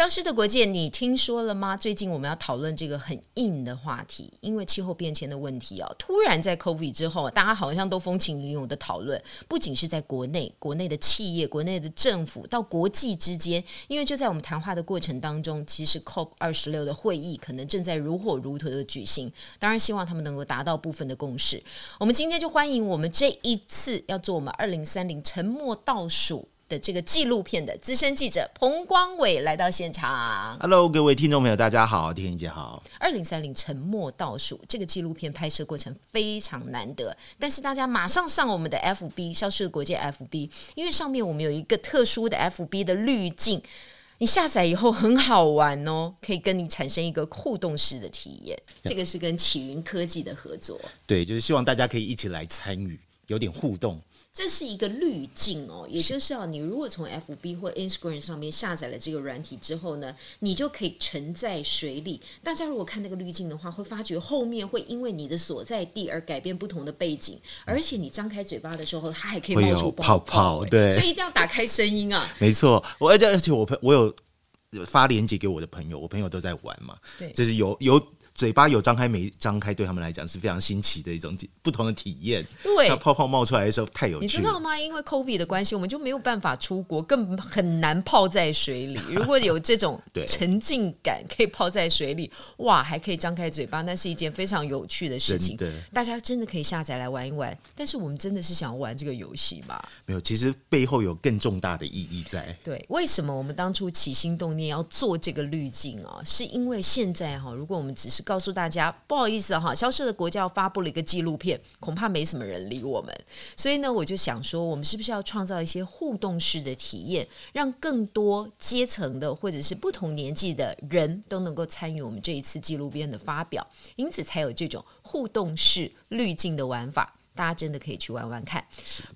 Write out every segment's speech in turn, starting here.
消失的國界，你聽說了嗎？最近我們要討論這個很硬的話題，因為氣候變遷的問題哦。突然在 COVID 之後，大家好像都風起雲湧的討論，不僅是在國內，國內的企業、國內的政府到國際之間，因為就在我們談話的過程當中，其實 COP 二十六的會議可能正在如火如荼的舉行。當然，希望他們能夠達到部分的共識。我們今天就歡迎我們這一次要做我們二零三零沉沒倒數的這個紀錄片的資深記者彭光偉來到現場。Hello，各位聽眾朋友，大家好，天一姐好。二零三零沉沒倒數，這個紀錄片拍攝過程非常難得，但是大家馬上上我們的 FB 消失的國界 FB，因為上面我們有一個特殊的 FB 的濾鏡，你下載以後很好玩哦，可以跟你產生一個互動式的體驗。這個是跟啟雲科技的合作，對，就是希望大家可以一起來參與，有點互動。這是一個濾鏡哦，也就是哦、啊，你如果從 FB 或 Instagram 上面下載了這個軟體之後呢，你就可以沉在水裡。大家如果看那個濾鏡的話，會發覺後面會因為你的所在地而改變不同的背景，嗯、而且你張開嘴巴的時候，它還可以冒出泡泡。對，所以一定要打開聲音啊！沒錯，我而且而且我我有發鏈接給我的朋友，我朋友都在玩嘛，對，就是有有。嘴巴有張開沒張開，對他們來講是非常新奇的一種不同的體驗。對，泡泡冒出來的時候太有趣了，你知道嗎？因為 COVID 的關係，我們就沒有辦法出國，更很難泡在水裡。如果有這種沉浸感，可以泡在水裡， 哇，還可以張開嘴巴，那是一件非常有趣的事情。對，大家真的可以下載來玩一玩。但是我們真的是想玩這個遊戲吧？沒有，其實背後有更重大的意義在。對，為什麼我們當初起心動念要做這個濾鏡啊？是因為現在哈，如果我們只是告訴大家，不好意思哈、啊，消失的國界發布了一個紀錄片，恐怕沒什麼人理我們。所以呢，我就想說，我們是不是要創造一些互動式的體驗，讓更多階層的或者是不同年紀的人都能夠參與我們這一次紀錄片的發表？因此，才有這種互動式濾鏡的玩法。大家真的可以去玩玩看。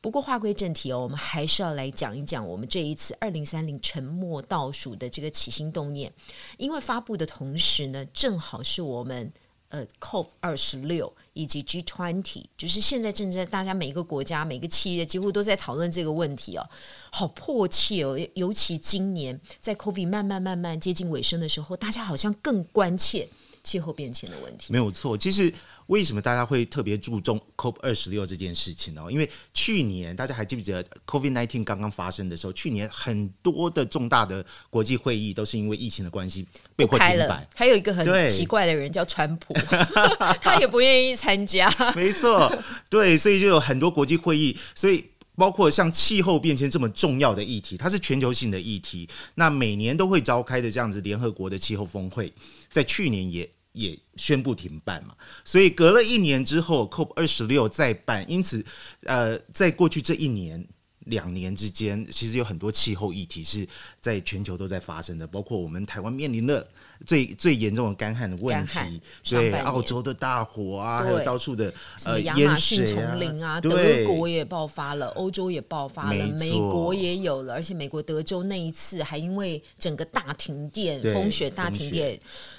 不過話歸正題哦，我們還是要來講一講我們這一次二零三零沉沒倒數的這個起心動念。因為發布的同時呢，正好是我們呃 COP 二十六以及 G twenty，就是現在正在大家每一個國家每一個企業幾乎都在討論這個問題哦，好迫切哦。尤其今年在 COVID 慢慢慢慢接近尾聲的時候，大家好像更關切。氣候變遷的問題沒有錯。其實為什麼大家會特別注重 COP 二十六這件事情呢？因為去年大家還記不記得 Covid nineteen 剛剛發生的時候，去年很多的重大的國際會議都是因為疫情的關係被迫停擺。還有一個很奇怪的人叫川普， 他也不願意參加。 沒錯，對，所以就有很多國際會議。所以包括像氣候變遷這麼重要的議題，它是全球性的議題。那每年都會召開的這樣子聯合國的氣候峰會，在去年也，也宣布停辦嘛，所以隔了一年之後，COP 二十六再辦。因此，呃，在過去這一年、兩年之間，其實有很多氣候議題是在全球都在發生的，包括我們台灣面臨的，最最嚴重的乾旱的問題，對上澳洲的大火啊，還有到處的，的呃亞馬遜叢林啊、呃啊，德國也爆發了，歐洲也爆發了，美國也有了，而且美國德州那一次還因為整個大停電，風雪大停電，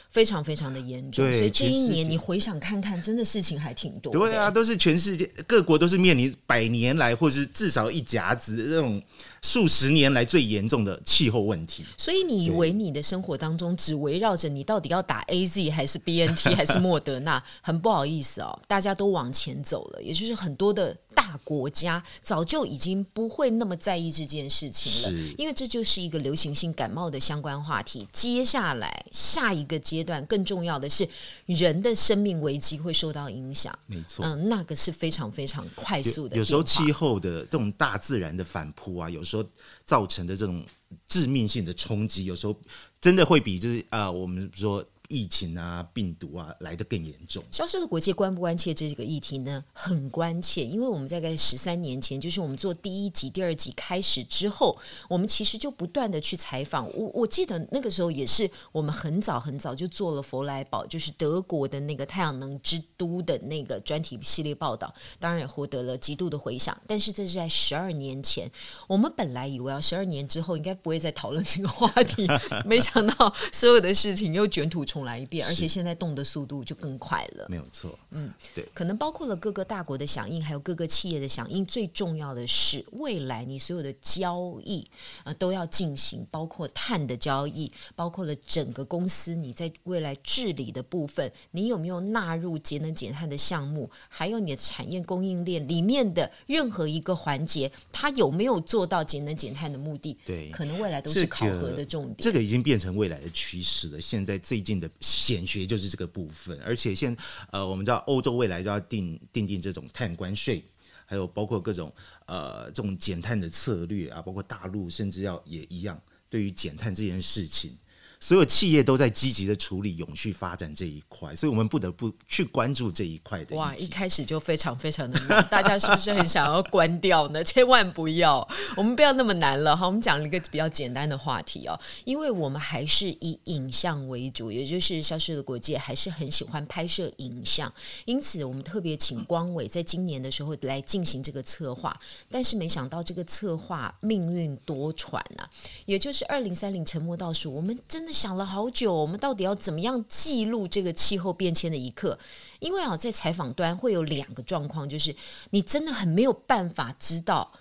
非常非常的嚴重。所以這一年你回想看看，真的事情還挺多。對啊，對都是全世界各國都是面臨百年來或是至少一甲子這種。數十年來最嚴重的氣候問題，所以你以為你的生活當中只圍繞着你到底要打 AZ 還是 BNT 還是莫德納， 很不好意思哦，大家都往前走了，也就是很多的大國家早就已經不會那麼在意這件事情了，因為這就是一個流行性感冒的相關話題。接下來下一個階段更重要的是人的生命危機會受到影響，沒錯，嗯，那個是非常非常快速的變化。有，有時候氣候的這種大自然的反撲啊，有時候。說造成的這種致命性的衝擊，有時候真的會比就是啊，我們說。疫情啊，病毒啊，來得更嚴重。消失的國際關不關切這個議題呢？很關切，因為我們在大概十三年前，就是我們做第一集、第二集開始之後，我們其實就不斷的去採訪。我我記得那個時候也是，我們很早很早就做了佛萊堡，就是德國的那個太陽能之都的那個專題系列報道，當然也獲得了極度的回響。但是這是在十二年前，我們本來以為十二年之後應該不會再討論這個話題， 沒想到所有的事情又捲土重來。來一遍，而且現在動的速度就更快了。沒有錯，嗯，對，可能包括了各個大國的響應，還有各個企業的響應。最重要的是，未來你所有的交易啊、呃、都要進行，包括碳的交易，包括了整個公司你在未來治理的部分，你有沒有納入節能減碳的項目？還有你的產業供應鏈裡面的任何一個環節，它有沒有做到節能減碳的目的？對，可能未來都是考核的重點。這個、這個已經變成未來的趨勢了。現在最近的。顯學就是這個部分，而且現呃，我們知道歐洲未來就要訂訂訂這種碳關稅，還有包括各種呃這種減碳的策略啊，包括大陸甚至要也一樣，對於減碳這件事情。所有企業都在積極的處理永續發展這一塊，所以我們不得不去關注這一塊的一。哇，一開始就非常非常的難，大家是不是很想要關掉呢？ 千萬不要，我們不要那麼難了哈。我們講了一個比較簡單的話題哦、喔，因為我們還是以影像為主，也就是消失的國界還是很喜歡拍攝影像，因此我們特別請光偉在今年的時候來進行這個策劃，但是沒想到這個策劃命運多舛吶、啊，也就是二零三零沉沒倒數，我們真。想了好久，我們到底要怎麼樣記錄這個氣候變遷的一刻？因為啊，在採訪端會有兩個狀況，就是你真的很沒有辦法知道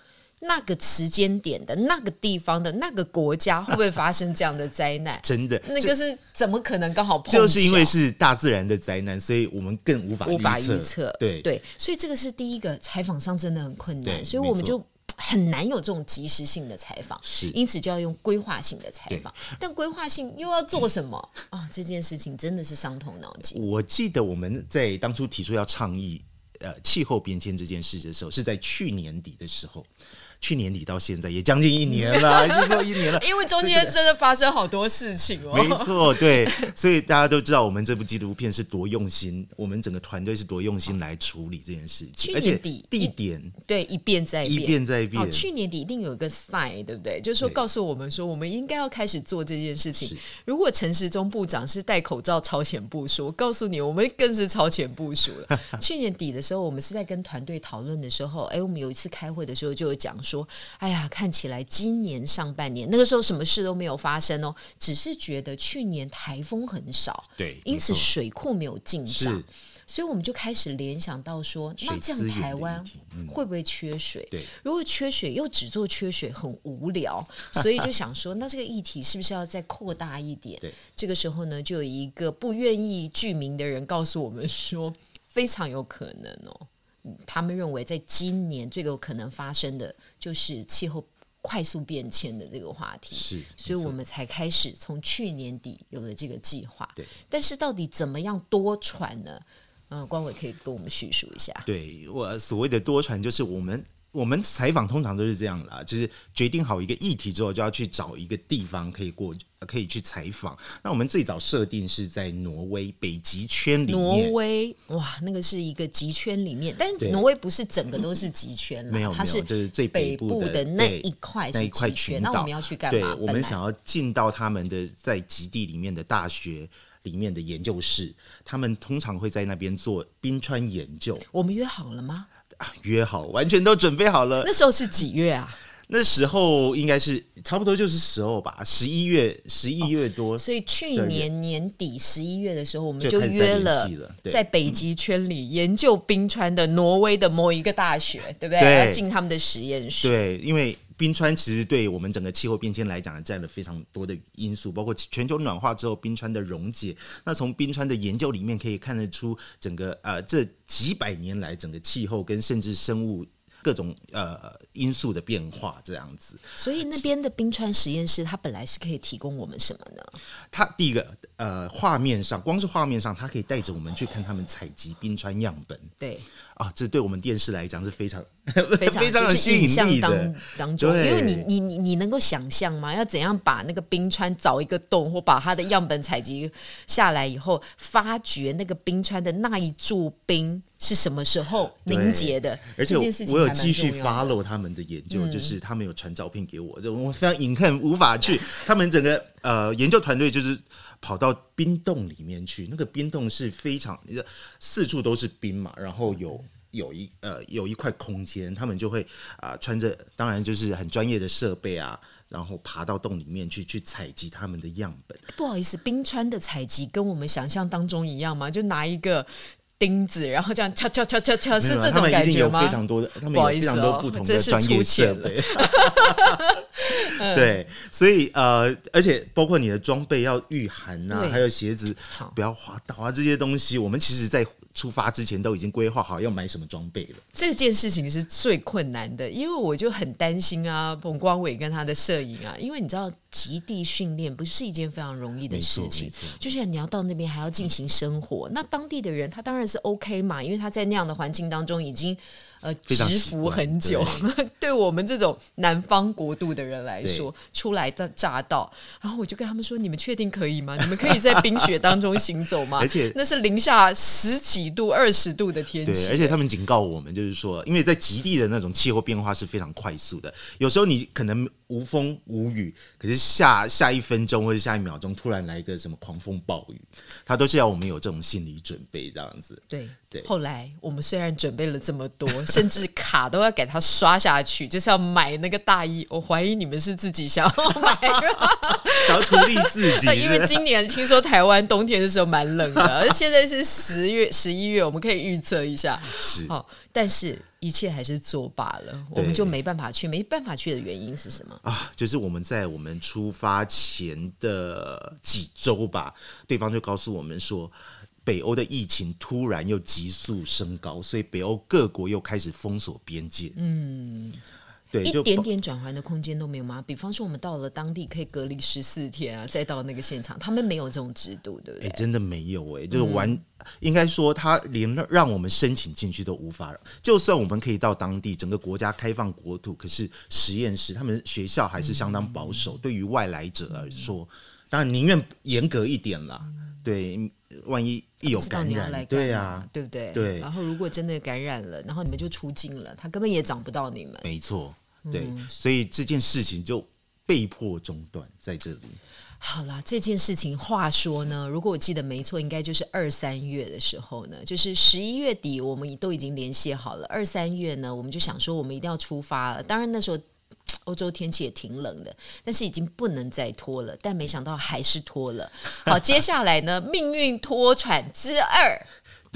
那個時間點的那個地方的那個國家會不會發生這樣的災難。 真的，那個是怎麼可能剛好碰巧？就，就是因為是大自然的災難，所以我們更無法無法預測。對對，所以這個是第一個採訪上真的很困難，所以我們就。很難有這種及時性的採訪，因此就要用規劃性的採訪。但規劃性又要做什麼啊、哦？這件事情真的是傷腦筋。我記得我們在當初提出要倡議呃、氣候變遷這件事的時候，是在去年底的時候。去年底到現在，也將近一年了，已經過一年了。 因為中間真的發生好多事情哦。沒錯，對，所以大家都知道我們這部紀錄片是多用心， 我們整個團隊是多用心來處理這件事情。去年底，而且地點，對，一變再一變，一變再一變好。去年底一定有一個 sign，對不對？就是說告訴我們說，我們應該要開始做這件事情。如果陳時中部長是戴口罩超前部署，我告訴你，我們更是超前部署了。 去年底的時候，我們是在跟團隊討論的時候，哎、欸，我們有一次開會的時候就有講說。說，哎呀，看起來今年上半年那個時候什麼事都沒有發生哦，只是覺得去年颱風很少，對，因此水庫沒有進水，所以我們就開始聯想到說，那這樣台灣會不會缺水？水嗯、如果缺水又只做缺水很無聊，所以就想說， 那這個議題是不是要再擴大一點？這個時候呢，就有一個不願意具名的人告訴我們說，非常有可能哦。他們認為，在今年最有可能發生的，就是氣候快速變遷的這個話題是。是，所以我們才開始從去年底有了這個計劃。對，但是到底怎麼樣多傳呢？嗯、呃，關偉可以跟我們敘述一下。對，我所謂的多傳，就是我們我們採訪通常都是這樣的，就是決定好一個議題之後，就要去找一個地方可以過。可以去採訪。那我們最早設定是在挪威北極圈裡面。挪威，哇，那個是一個極圈裡面，但挪威不是整個都是極圈，沒有，它是就是最北部的那一塊，那一塊群島。群島那我們要去幹嘛？對，我們想要進到他們的在極地裡面的大學裡面的研究室，他們通常會在那邊做冰川研究。我們約好了嗎？啊，約好，完全都準備好了。那時候是幾月啊？那時候應該是差不多就是時候吧，十一月，十一月多，哦，所以去年年底十一月的時候，我們就約了在北極圈裡研究冰川的挪威的某一個大學，對不對？要進他們的實驗室。對，因為冰川其實對我們整個氣候變遷來講，佔了非常多的因素，包括全球暖化之後冰川的溶解。那從冰川的研究裡面可以看得出，整個呃，這幾百年來整個氣候跟甚至生物。各種呃因素的變化，這樣子。所以那邊的冰川實驗室，它本來是可以提供我們什麼呢？它第一個呃，畫面上，光是畫面上，它可以帶着我們去看他們採集冰川樣本。哦、對。啊，這對我們電視來講是非常非常有 吸引力的，就是當當中，對，因為你你你，你能夠想象嗎？要怎樣把那個冰川鑿一個洞，或把它的樣本採集下來以後，發掘那個冰川的那一柱冰是什麼時候凝結的？而且我，我有繼續發 o 他們的研究，嗯、就是他們有傳照片給我，就我非常隱憾無法去，他們整個呃研究團隊就是。跑到冰洞裡面去，那個冰洞是非常，那四處都是冰嘛，然後有有一呃有一塊空間，他們就會啊、呃、穿着，當然就是很專業的設備啊，然後爬到洞裡面去去採集他們的樣本。不好意思，冰川的採集跟我們想象當中一樣嗎？就拿一個。釘子，然後這樣敲敲敲敲敲，是這種感覺嗎？他們一定有非常多的，他們有非常多不同的專業設備。哦、 對，所以呃，而且包括你的裝備要御寒啊，還有鞋子，要、啊、有鞋子不要滑倒啊，這些東西，我們其實，在。出發之前都已經規劃好要買什麼裝備了。這件事情是最困難的，因為我就很擔心啊，彭光偉跟他的攝影啊，因為你知道極地訓練不是一件非常容易的事情，就是你要到那邊還要進行生活，嗯，那當地的人他當然是 OK 嘛，因為他在那樣的環境當中已經。呃，蟄伏很久，對， 對我們這種南方國度的人來說，初來的乍到，然後我就跟他們說：“你們確定可以嗎？ 你們可以在冰雪當中行走嗎？”而且那是零下十幾度、二十度的天氣。對，而且他們警告我們，就是說，因為在極地的那種氣候變化是非常快速的，有時候你可能。無風無雨，可是下下一分鐘或者下一秒鐘突然來一個什麼狂風暴雨，他都是要我們有這種心理準備這樣子。對對。後來我們雖然準備了這麼多， 甚至卡都要給他刷下去， 就是要買那個大衣。我懷疑你們是自己想要買， 想要圖利自己。 因為今年聽說台灣冬天的時候蠻冷的， 現在是十月十一月，我們可以預測一下。是。好，但是。一切還是作罷了，我們就沒辦法去。沒辦法去的原因是什麼？啊，就是我們在我們出發前的幾週吧，對方就告訴我們說，北歐的疫情突然又急速升高，所以北歐各國又開始封鎖邊界。嗯。一點點轉圜的空間都沒有嗎？比方說，我們到了當地可以隔離十四天啊，再到那個現場，他們沒有這種制度，對不對？欸、真的沒有哎、欸，就是完、嗯，應該說他連讓我們申請進去都無法。就算我們可以到當地，整個國家開放國土，可是實驗室他們學校還是相當保守，嗯、對於外來者來說，嗯、當然寧願嚴格一點啦、嗯。對，萬一一有感染，感染對呀、對啊，對不對？對。然後如果真的感染了，然後你們就出境了，他根本也找不到你們。沒錯。對，所以這件事情就被迫中斷在這裡。嗯、好了，這件事情話說呢，如果我記得沒錯，應該就是二三月的時候呢，就是十一月底我們都已經聯繫好了，二三月呢我們就想說，我們一定要出發了。當然那時候歐洲天氣也挺冷的，但是已經不能再拖了。但沒想到還是拖了。好， 接下來呢，命運拖喘之二。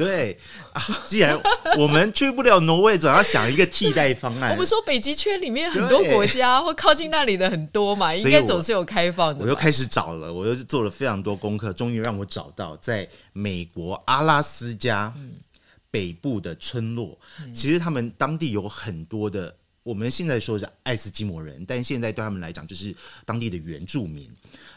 對，啊，既然我們去不了挪威，總要想一個替代方案。 我們說北極圈裡面很多國家，或靠近那裡的很多嘛，應該總是有開放的。我又開始找了，我又做了非常多功課，終於讓我找到在美國阿拉斯加北部的村落，嗯，其實他們當地有很多的，我們現在說是愛斯基摩人，但現在對他們來講就是當地的原住民。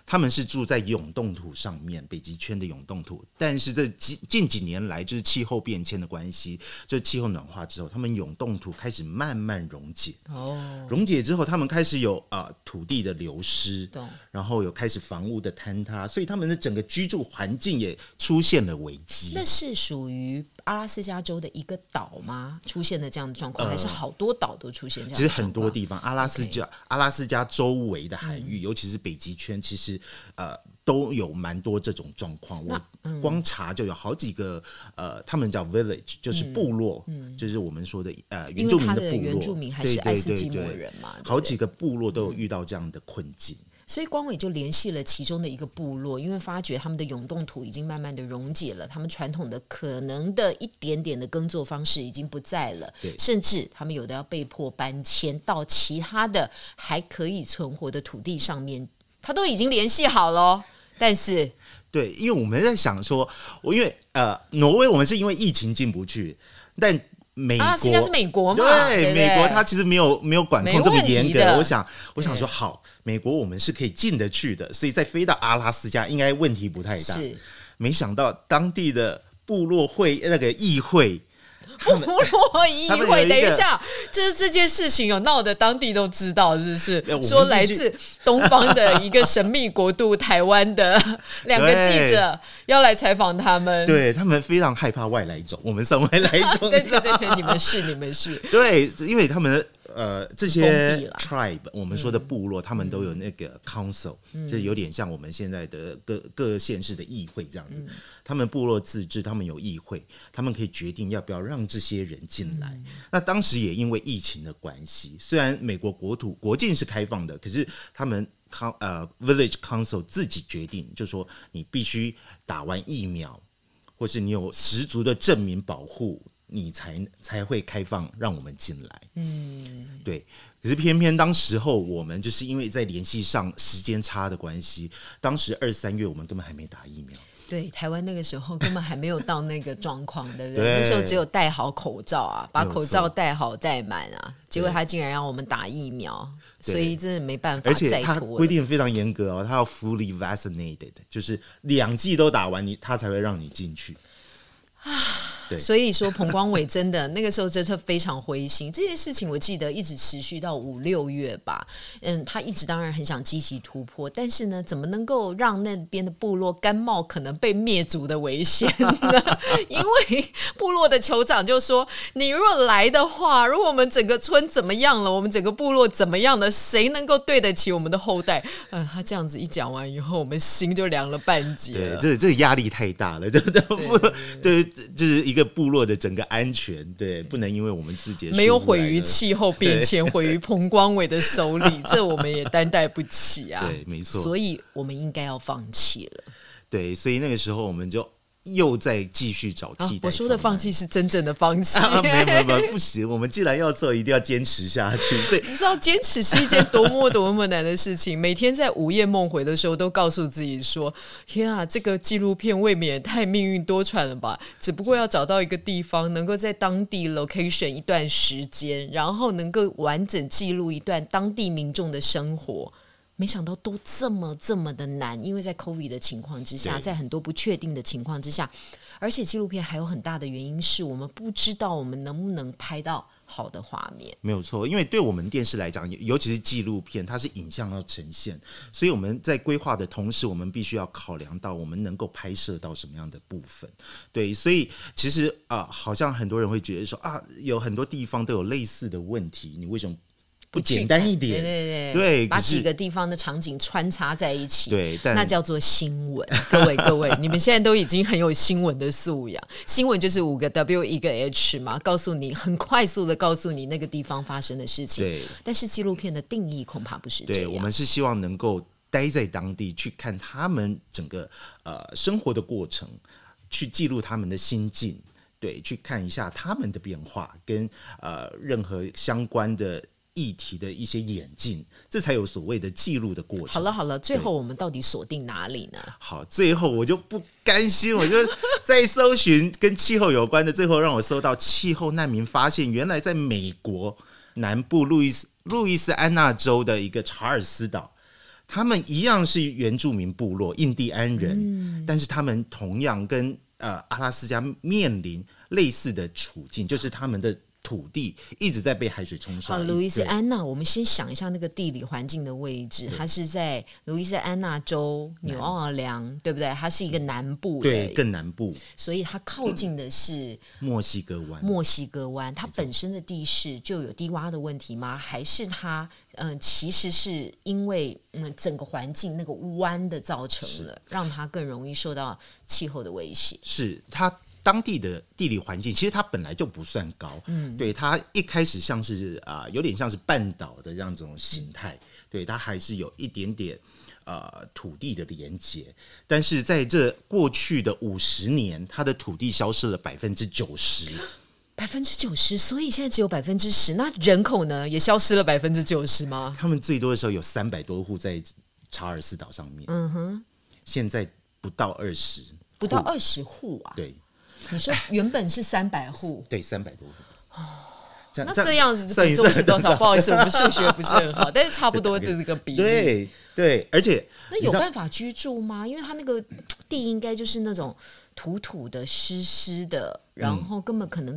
他們是住在永凍土上面，北極圈的永凍土。但是這近近幾年來就，就是氣候變遷的關係，這氣候暖化之後，他們永凍土開始慢慢溶解。哦，溶解之後，他們開始有啊、呃、土地的流失，然後有開始房屋的坍塌，所以他們的整個居住環境也出現了危機。那是屬於阿拉斯加州的一個島嗎？出現了這樣的狀況、呃，還是好多島都出現這樣？其實很多地方，阿拉斯加、okay、阿拉斯加周圍的海域、嗯，尤其是北極圈，其實。呃，都有蠻多這種狀況，嗯。我光查就有好幾個呃，他們叫 village，就是部落，嗯嗯、就是我們說的呃，他的原住民的部落。原住民還是愛斯基摩人嘛？對對對對，好幾個部落都有遇到這樣的困境。對對對對對對，所以光偉就聯繫了其中的一個部落，因為發覺他們的永凍土已經慢慢的溶解了，他們傳統的可能的一點點的耕作方式已經不在了，甚至他們有的要被迫搬遷到其他的還可以存活的土地上面。他都已經聯繫好了，但是對，因為我們在想說，我因為呃，挪威我們是因為疫情進不去，但美國阿拉斯加是美國嘛，對，對，對，美國它其實沒有沒有管控這麼嚴格的，我想我想說好，美國我們是可以進得去的，所以再飛到阿拉斯加應該問題不太大，沒想到當地的部落會那個議會。不落議會，一 等一下，這、就是這件事情有鬧得當地都知道，是不是？說來自東方的一個神秘國度—— 台灣的兩個記者要來採訪他們，對，他們非常害怕外來種，我們是外來種，對對對，你們是，你們是，對，因為他們。呃，這些 tribe 我們說的部落，嗯，他們都有那個 council、嗯，就有點像我們現在的各各縣市的議會這樣子，嗯。他們部落自治，他們有議會，他們可以決定要不要讓這些人進來，嗯。那當時也因為疫情的關係，雖然美國國土國境是開放的，可是他們康呃 village council 自己決定，就說你必須打完疫苗，或是你有十足的證明保護。你才才會開放讓我們進來，嗯，對。可是偏偏當時候我們就是因為在聯繫上時間差的關係，當時二三月我們根本還沒打疫苗。對，台灣那個時候根本還沒有到那個狀況， 對不對？那時候只有戴好口罩啊，把口罩戴好戴滿啊有。結果他竟然讓我們打疫苗，所以真的沒辦法。而且他規定非常嚴格哦，他要 fully vaccinated，就是兩劑都打完你，你他才會讓你進去所以說，彭光偉真的那個時候真的非常灰心。這件事情我記得一直持續到五六月吧。嗯，他一直當然很想積極突破，但是呢，怎麼能夠讓那邊的部落甘冒可能被滅族的危險呢？ 因為部落的酋長就說：“你如果來的話，如果我們整個村怎麼樣了，我們整個部落怎麼樣了，誰能夠對得起我們的後代？”嗯、呃，他這樣子一講完以後，我們心就涼了半截了。對，這這壓力太大了。對對，對，對這就是一個。部落的整個安全，對，不能因為我們自己沒有毀於氣候變遷， 毀於彭光偉的手裡，這我們也擔待不起啊！ 對，沒錯，所以我們應該要放棄了。對，所以那個時候我們就。又在繼續找替代、啊。我說的放棄是真正的放棄。啊，啊啊沒沒沒，不行！我們既然要做，一定要堅持下去。 所以你知道堅持是一件多麼多麼難的事情。 每天在午夜夢回的時候，都告訴自己說：“天啊，這個紀錄片未免也太命運多舛了吧？”只不過要找到一個地方，能夠在當地 location 一段時間，然後能夠完整記錄一段當地民眾的生活。沒想到都這麼這麼的難，因為在 COVID 的情況之下，在很多不確定的情況之下，而且紀錄片還有很大的原因是我們不知道我們能不能拍到好的畫面。沒有錯，因為對我們電視來講，尤其是紀錄片，它是影像要呈現，所以我們在規劃的同時，我們必須要考量到我們能夠拍攝到什麼樣的部分。對，所以其實啊、呃，好像很多人會覺得說啊，有很多地方都有類似的問題，你為什麼？不簡單一點，對對對,對,對，把幾個地方的場景穿插在一起，對，那叫做新聞。各位各位， 你們現在都已經很有新聞的素養。新聞就是五個 W 一個 H 嘛，告訴你很快速的告訴你那個地方發生的事情。對，但是紀錄片的定義恐怕不是這樣。對，我們是希望能夠待在當地，去看他們整個呃生活的過程，去記錄他們的心境，對，去看一下他們的變化跟呃任何相關的。議題的一些演進，這才有所謂的記錄的過程。好了好了，最後我們到底鎖定哪裡呢？好，最後我就不甘心，我就在搜尋跟氣候有關的， 最後讓我搜到氣候難民發現，原來在美國南部路易斯路易斯安那州的一個查爾斯島，他們一樣是原住民部落印第安人，嗯，但是他們同樣跟呃阿拉斯加面臨類似的處境，就是他們的。土地一直在被海水沖刷。哦、啊，路易斯安那，Anna, 我們先想一下那個地理環境的位置，它是在路易斯安那州紐奧良，對不對？它是一個南部，對，更南部。所以它靠近的是墨西哥灣。墨西哥灣，它本身的地勢就有低洼的問題嗎？還是它，嗯、呃，其實是因為嗯整個環境那個彎的造成了，讓它更容易受到氣候的威脅。是它。當地的地理環境其實它本來就不算高，嗯，對它一開始像是啊、呃，有點像是半島的這樣子種形態、嗯，對它還是有一點點呃土地的連接，但是在這過去的五十年，它的土地消失了百分之九十，百分之九十，所以現在只有百分之十。那人口呢，也消失了百分之九十嗎？他們最多的時候有三百多戶在查爾斯島上面，嗯哼，現在不到二十，不到二十戶啊，對。你說原本是三百戶，對，三百多戶。這樣那這樣子的比重是多少？不好意思，我們數學不是很好， 但是差不多的這個比例，對，對對，而且那有辦法居住嗎？因為他那個，嗯地應該就是那種土土的、濕濕的，然後根本可能、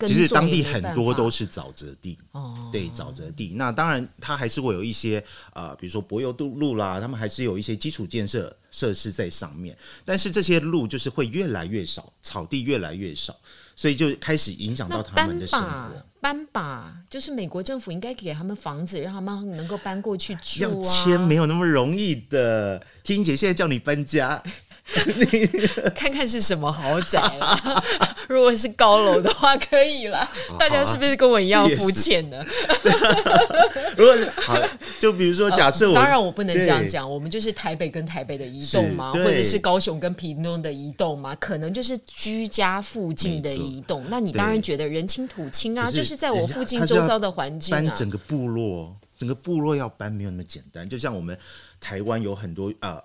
嗯、其實當地很多都是沼澤地哦，對，沼澤地。那當然，它還是會有一些啊、呃，比如說柏油路路啦，他們還是有一些基礎建設設施在上面。但是這些路就是會越來越少，草地越來越少，所以就開始影響到他們的生活。搬吧，就是美國政府應該給他們房子，讓他們能夠搬過去住、啊、要遷沒有那麼容易的，聽姐現在叫你搬家。 看看是什麼豪宅啊！ 如果是高樓的話，可以了、哦啊。大家是不是跟我一樣膚淺呢？是 如果是好了，就比如說假設我、呃、當然我不能這樣講，我們就是台北跟台北的移動嘛，或者是高雄跟屏東的移動嘛，可能就是居家附近的移動。那你當然覺得人親土親啊，就是在我附近周遭的環境、啊。搬整個部落，整個部落要搬沒有那麼簡單，就像我們。台灣有很多呃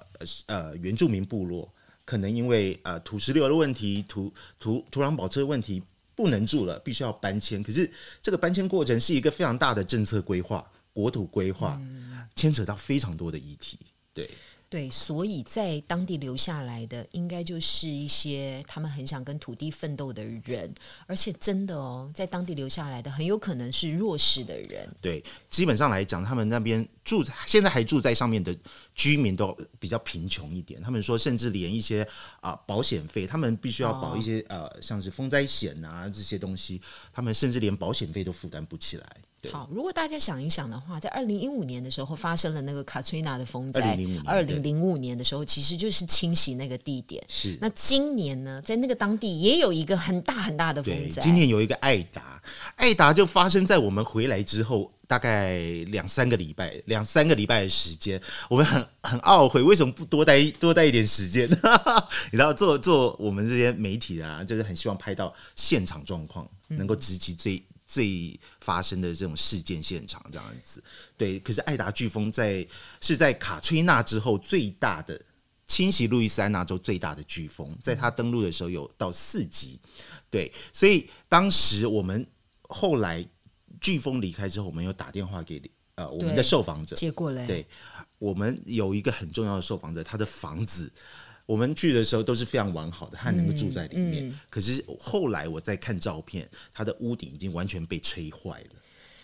呃原住民部落，可能因為呃土石流的問題、土土土壤保持的問題，不能住了，必須要搬遷。可是這個搬遷過程是一個非常大的政策規劃、國土規劃，牽扯到非常多的議題，對。對，所以在當地留下來的，應該就是一些他們很想跟土地奮鬥的人，而且真的哦、喔，在當地留下來的，很有可能是弱勢的人。對，基本上來講，他們那邊住現在還住在上面的居民都比較貧窮一點。他們說，甚至連一些啊、呃、保險費，他們必須要保一些、哦、呃，像是風災險啊這些東西，他們甚至連保險費都負擔不起來。好，如果大家想一想的話，在二零一五年的時候發生了那個卡崔娜的風災，二零零五年的時候其實就是清洗那個地點。是，那今年呢，在那個當地也有一個很大很大的風災。今年有一個艾達，艾達就發生在我們回來之後大概兩三個禮拜，兩三個禮拜的時間，我們很很懊悔，為什麼不多待多待一點時間？ 你知道，做做我們這些媒體啊，就是很希望拍到現場狀況，能夠直擊最。嗯最發生的這種事件現場這樣子，對。可是愛達颶風在是在卡崔娜之後最大的侵襲路易斯安那州最大的颶風，在他登陸的時候有到四級，對。所以當時我們後來颶風離開之後，我們有打電話給呃我們的受訪者，結果嘞，對我們有一個很重要的受訪者，他的房子。我們去的時候都是非常完好的，他能夠住在裡面，嗯嗯。可是後來我在看照片，他的屋頂已經完全被吹壞了。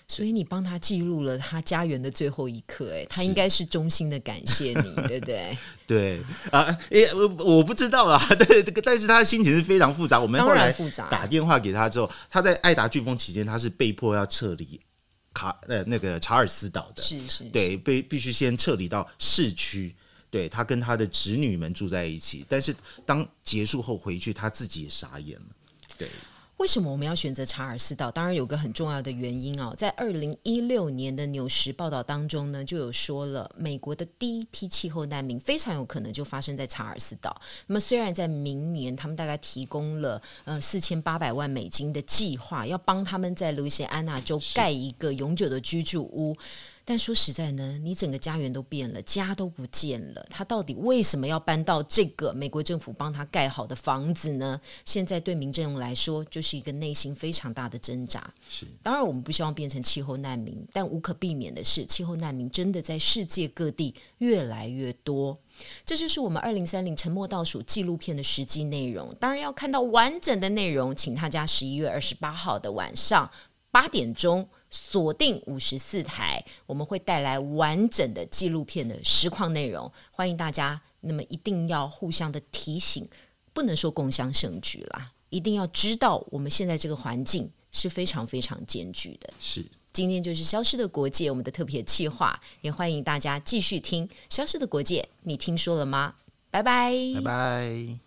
所以你幫他記錄了他家園的最後一刻，哎，他應該是衷心的感謝你， 對不對？對啊，哎、欸，我不知道啊。對，這個，但是他的心情是非常複雜。我們後來打電話給他之後，他在艾達颶風期間，他是被迫要撤離卡呃那個查爾斯島的，是，是是，對，被必須先撤離到市區。對，他跟他的侄女們住在一起，但是當結束後回去，他自己也傻眼了。對，為什麼我們要選擇查爾斯島？當然有個很重要的原因啊、哦，在二零一六年的紐時報道當中呢，就有說了，美國的第一批氣候難民非常有可能就發生在查爾斯島。那麼雖然在明年他們大概提供了呃四千八百萬美金的計劃，要幫他們在路易斯安那州蓋一個永久的居住屋。但說實在呢，你整個家園都變了，家都不見了。他到底為什麼要搬到這個美國政府幫他蓋好的房子呢？現在對民政用來說，就是一個內心非常大的掙扎。是，當然我們不希望變成氣候難民，但無可避免的是，氣候難民真的在世界各地越來越多。這就是我們二零三零沉沒倒數紀錄片的實際內容。當然要看到完整的內容，請大家十一月二十八號的晚上八點鐘。鎖定五十四台，我們會帶來完整的紀錄片的實況內容，歡迎大家。那麼一定要互相的提醒，不能說共襄盛舉啦，一定要知道我們現在這個環境是非常非常艱鉅的。是，今天就是《消失的國界》我們的特別的企劃，也歡迎大家繼續聽《消失的國界》，你聽說了嗎？拜拜，拜拜。